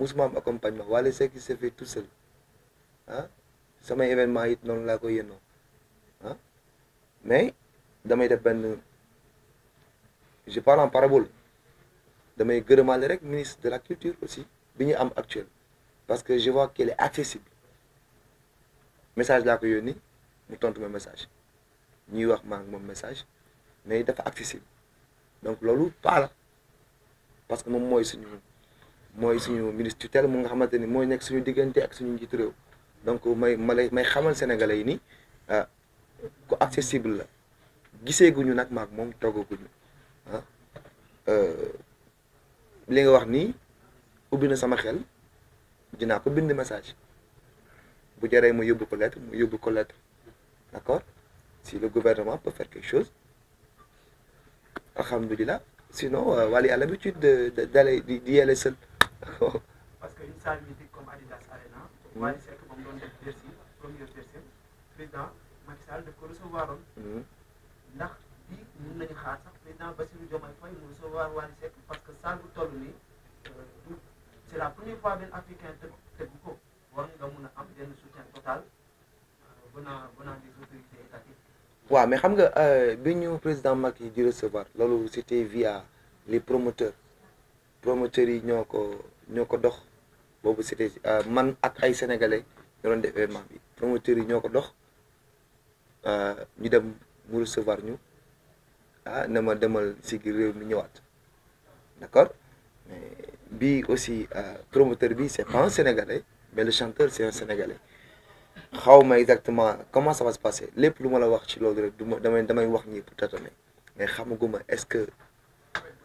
musuma accompagne accompagnement qui ce qui s'est fait tout seul ah hein? samay événement it non laa ko non. Hein? ah mais damay def ben, je parle en parabole damay gërëmaale le ministre de la culture aussi bien actuel parce que je vois qu'elle est accessible message la ko nous mu message New wax maa ngi message mais il est accessible donc je parle. parce que moom mooy suñu moy suñu ministre tutelle mu nga xamanteni moy nek nekk suñu diggante ak suñu njiitu réew donc may ma may xamal sénégalais ni ah ko accessible la gisee guñu nag mom moom toggaguñu ah euh, li nga wax ni ubbi na sama xel dina ko bind message bu direz mu yobbu ko lettre mu yobbu ko lettre d'accord si le gouvernement peut faire quelque chose alhamdoulillah sinon euh, wali à l'habitude d'aller d'y aller seul parce que une salle mythique comme Adidas Arena. Wally Seck ba mu doon def jersey premier président Macky Sall daf ko recevoir woon. Hmm. ndax bii mun nañu xaar sax président Bassirou Diomaye Faye mu recevoir Wally parce que salle bu toll nii euh, du la première fois benn africain te tegu ko war nga mun a am benn soutien total euh, venant venant des autorités étatiques. waaw mais xam nga euh, bi ñu président Macky di recevoir loolu c' était via les promoteurs. promoteurs yi ñoo ko ñoo ko dox boobu c'était euh, man ak ay sénégalais ñoo doon def événement bi promoteurs yi ñoo ko dox euh, ñu dem mu recevoir ñu ah na ma demal si réew mi ñëwaat d'accord mais bii aussi euh, promoteur bi c'est pas un sénégalais mais le chanteur c'est un sénégalais xaw ma exactement comment ça va se passer lépp lu ma la wax ci loolu rek du ma damay damay wax ñi pour tâtonner mais xamaguma est-ce que.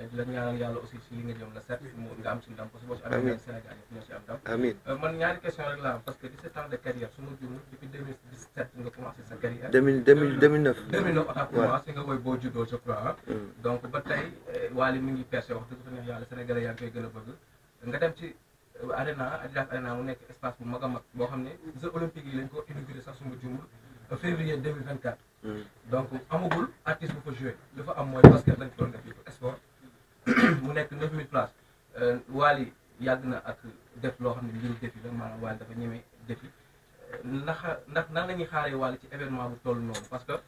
Eh, di la ñaanal yàlla aussi si li nga jëm la set mu nga am si ndam parce que boo si am ndam amiin euh, man ñaari question rek laa parce que 17 ans de carrière su ma juumul depuis 2017 nga commencé sa carrière 2000 2009 2009 ataa commencé nga woy boo juddoo je crois mm. donc ba tey euh, Wally mi ngi percé wax dëgg fa neex yàlla sénégalais yaa ngi koy bëgg nga dem ci euh, arena Adidas arena mu nekk espace bu mag a xam ne jeux olympiques yi lañ ko inauguré sax su ma juumul février 2024 mm. donc amagul artiste bu fa joué nekk 9000 places euh, Wally yàgg na ak def loo xam ne mbiru defi la maanaam Wally dafa ñeme defi euh, ndax ndax nan la ñuy xaaree Wally ci événement bu toll noonu parce que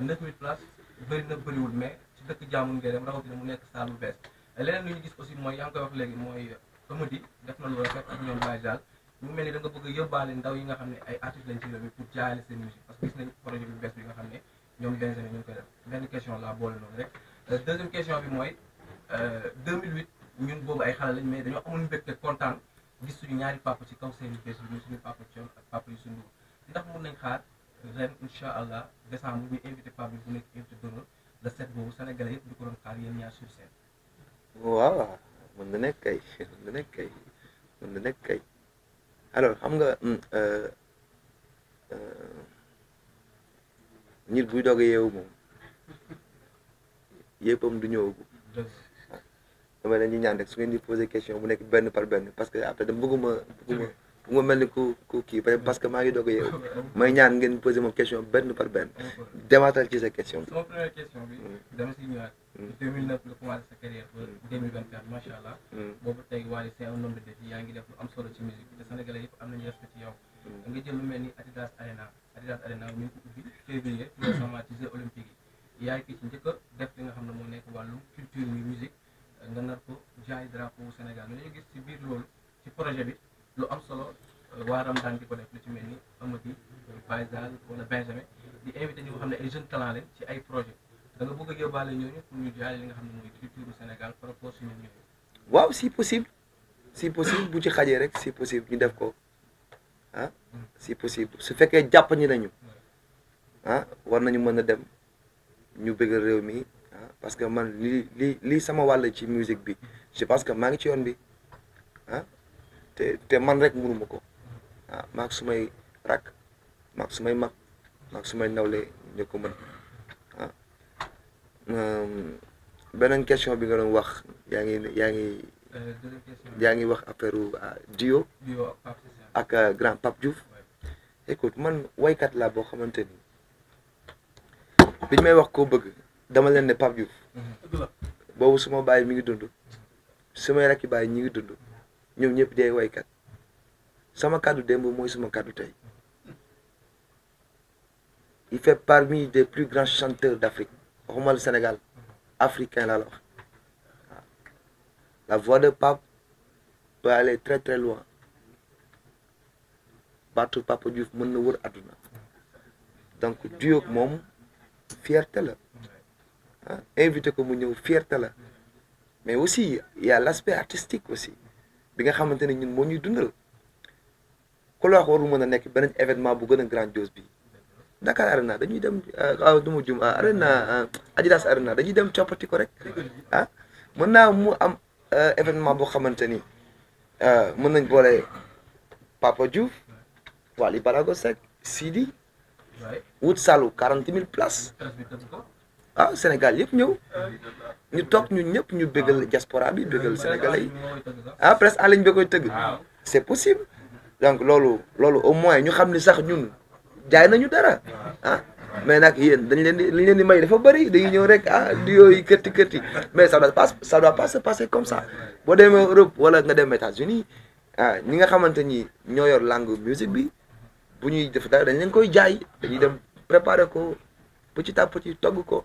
9000 places bëri na bëriwul mais ci dëkk jaamu ngay dem rawatina mu nekk salle bu bees leneen lu ñu gis aussi mooy yaa ngi koy wax léegi mooy Amady def na lu rafet ak ñoom Baye Jall mu mel ni da bëgg a yóbbaale ndaw yi nga xam ne ay artistes lañ ci réew mi pour jaayale seen musique parce ne ñoom Benjamin ñu ngi koy euh, bi mooy 2008 euh, ñun boobu ay xale lañ mais dañoo amoon mbégte kontaan gis suñu ñaari papa ci kaw suñu papa ak papa Youssou ndax mun nañ xaar ren incha allah décembre bu nekk invité d'honneur le set boobu Sénégalais yëpp di ko doon xaar yéen ñaar sur scène. waaw mën na nekk kay mën na nekk kay mën na nekk kay alors xam nga hmm, euh, euh, nit buy doog a yeewu moom yëppam du ñëwagum. damay leen di ñaan rek su ngeen di posé question mu nekk benn par benn parce que après dama bëgguma bëgguma bëgguma mel ni ku kii parce que maa ngi doog a yeewu may ñaan ngeen posé moom question benn par benn demaatal ci sa question bi. sama première question bi dama si ñëwaat. 2009 mm. sa carrière ba 2024 macha allah. Mm. boobu tey Wally c'est un homme def lu am solo ci musique te Sénégalais yëpp am nañu respect ci yow. da mm. jël lu mel ni Adidas Arena Adidas Arena ñu ngi ko ubbi février pour les olympiques yi yaa ngi ci njëkk a def nga nar ko jaay drapeau Sénégal mais gis ci biir loolu ci projet bi lu am solo euh, waa Ramadan di ko def lu ci mel ni Amady euh, Baye Zal wala Benjamin di invité ñi nga xam ne ay jeunes ci ay projet da nga bëgg a yóbbaale ñooñu pour ñu jaay li nga xam ne mooy culture Sénégal par rapport suñu ñooñu. waaw si possible si possible bu ci xajee rek si possible ñu def ko ah si possible su fekkee jàpp ñi nañu ah war nañu mën a dem ñu bëgg réew mi. parce que man li li lii sama walla ci musique bi je pense que maa ngi ci yoon bi ah te man rek mënuma ko ah maak sumay rakk maak sumay mag maak sumay nawle ñu ko mën ah. beneen question bi nga doon wax yaa ngi yaa ngi yaa ngi wax affaire ah, Dio ak ah, grand Pape Diouf écoute man waykat laa boo xamante ni biñ may wax koo bëgg dama leen ne Pape Diouf boobu suma baye mi ngi dund suma rakki baye ñi ngi dund ñoom ñëpp day kat sama kàddu démb moy suma kàddu tay il fait parmi des plus grands chanteurs d'Afrique romain du Sénégal africain là. la wax la voix de Pape peut aller très très loin baatu Papa Diouf mën na wër aduna donc duo mom fierté la ah invité ko mu ñëw fierté la mais aussi il y a aussi bi nga xamante ne ñun moo ñuy dundal ku la mën a nekk beneen événement bu gën a grandiose bi Dakar Arena dañuy dem du ah, ah, ma jum ah, Arena Adidas Arena dañuy dem coppati rek ah naa mu am événement boo xamante ni mën nañ boole Papa Diouf Wally Barago Seck Sidi wut salu quarante mille places ah Sénégal yëpp ñëw ñu toog ñun ñëpp ñu bégal diaspora bi bégal sénégalais yi ah presse en ligne bi koy c'est possible donc loolu loolu au moins ñu xam ni sax ñun jaay nañu dara ah mais nak yéen dañ leen liñ leen di may dafa bari dañ ñëw rek ah di yooyu kërti kërti mais ça doit pas ça doit pas se passer comme ça bo dem Europe wala nga dem États-Unis ah ñi nga xamanteni ni ñoo yor langue musique bi bu ñuy def dara dañ leen koy jaay dañuy dem préparer ko petit à petit togg ko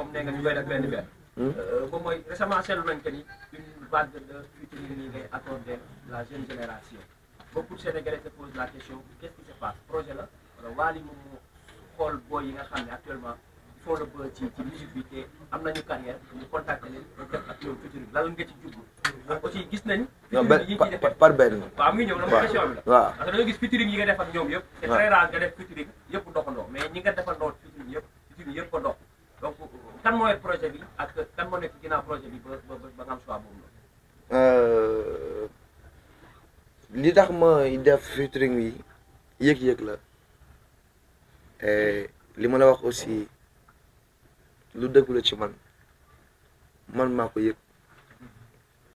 comme nee nga ñu benn benn. moom hmm? euh, euh, mooy récemment seetlu nañ que ni une vague de futur nii ngay accordé la jeune génération beaucoup de Sénégalais se posent la question qu'est-ce qui se passe projet la wala Wally moom moo xool booy yi nga xam ne actuellement il faut le ba ci ci musique bi te am nañu ñu contacté leen pour def ak ñoom futur ci jublu. ak benn par par benn. ñëw la mooy question bi la. waaw parce que dañoo gis featuring yi nga def ak ñoom yëpp. c'est très rare nga de featuring yëpp doxandoo mais kan mooy projet bi ak kan moo nekk ginnaaw projet bi ba ba ba nga am euh, li tax ma def featuring yi yëg-yëg la li ma la wax aussi lu dëgg la ci man man maa ko yëg.